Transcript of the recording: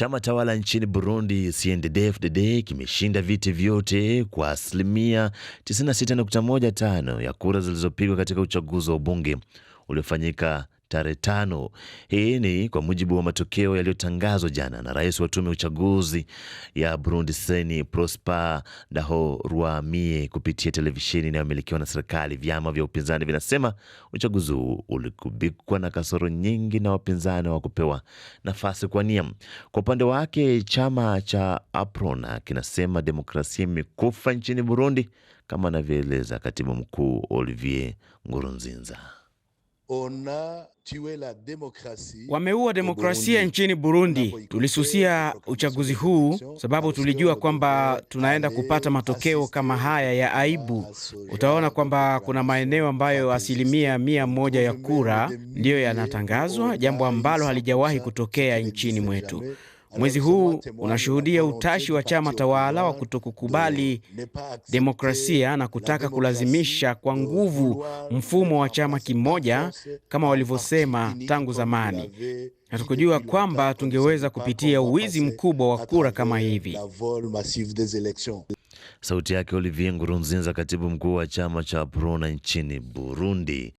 Chama tawala nchini Burundi CNDD-FDD kimeshinda viti vyote kwa asilimia 96.15 ya kura zilizopigwa katika uchaguzi wa bunge uliofanyika tarehe tano. Hii ni kwa mujibu wa matokeo yaliyotangazwa jana na rais wa tume ya uchaguzi ya Burundi Seni Prosper Ruamie kupitia televisheni inayomilikiwa na serikali. Vyama vya upinzani vinasema uchaguzi huu ulikubikwa na kasoro nyingi na wapinzani wa kupewa nafasi kwa nia. Kwa upande wake, chama cha Aprona kinasema demokrasia imekufa nchini Burundi, kama anavyoeleza katibu mkuu Olivier Ngurunzinza. Wameua demokrasia nchini Burundi. Tulisusia uchaguzi huu sababu tulijua kwamba tunaenda kupata matokeo kama haya ya aibu. Utaona kwamba kuna maeneo ambayo asilimia mia moja ya kura ndiyo yanatangazwa, jambo ambalo halijawahi kutokea nchini mwetu. Mwezi huu unashuhudia utashi wa chama tawala wa kutokukubali demokrasia eh, na kutaka kulazimisha kwa nguvu mfumo wa chama kimoja kama walivyosema tangu zamani. Hatukujua kwamba tungeweza kupitia uwizi mkubwa wa kura kama hivi. Sauti yake Olivier Ngurunzinza, katibu mkuu wa chama cha Prona nchini Burundi.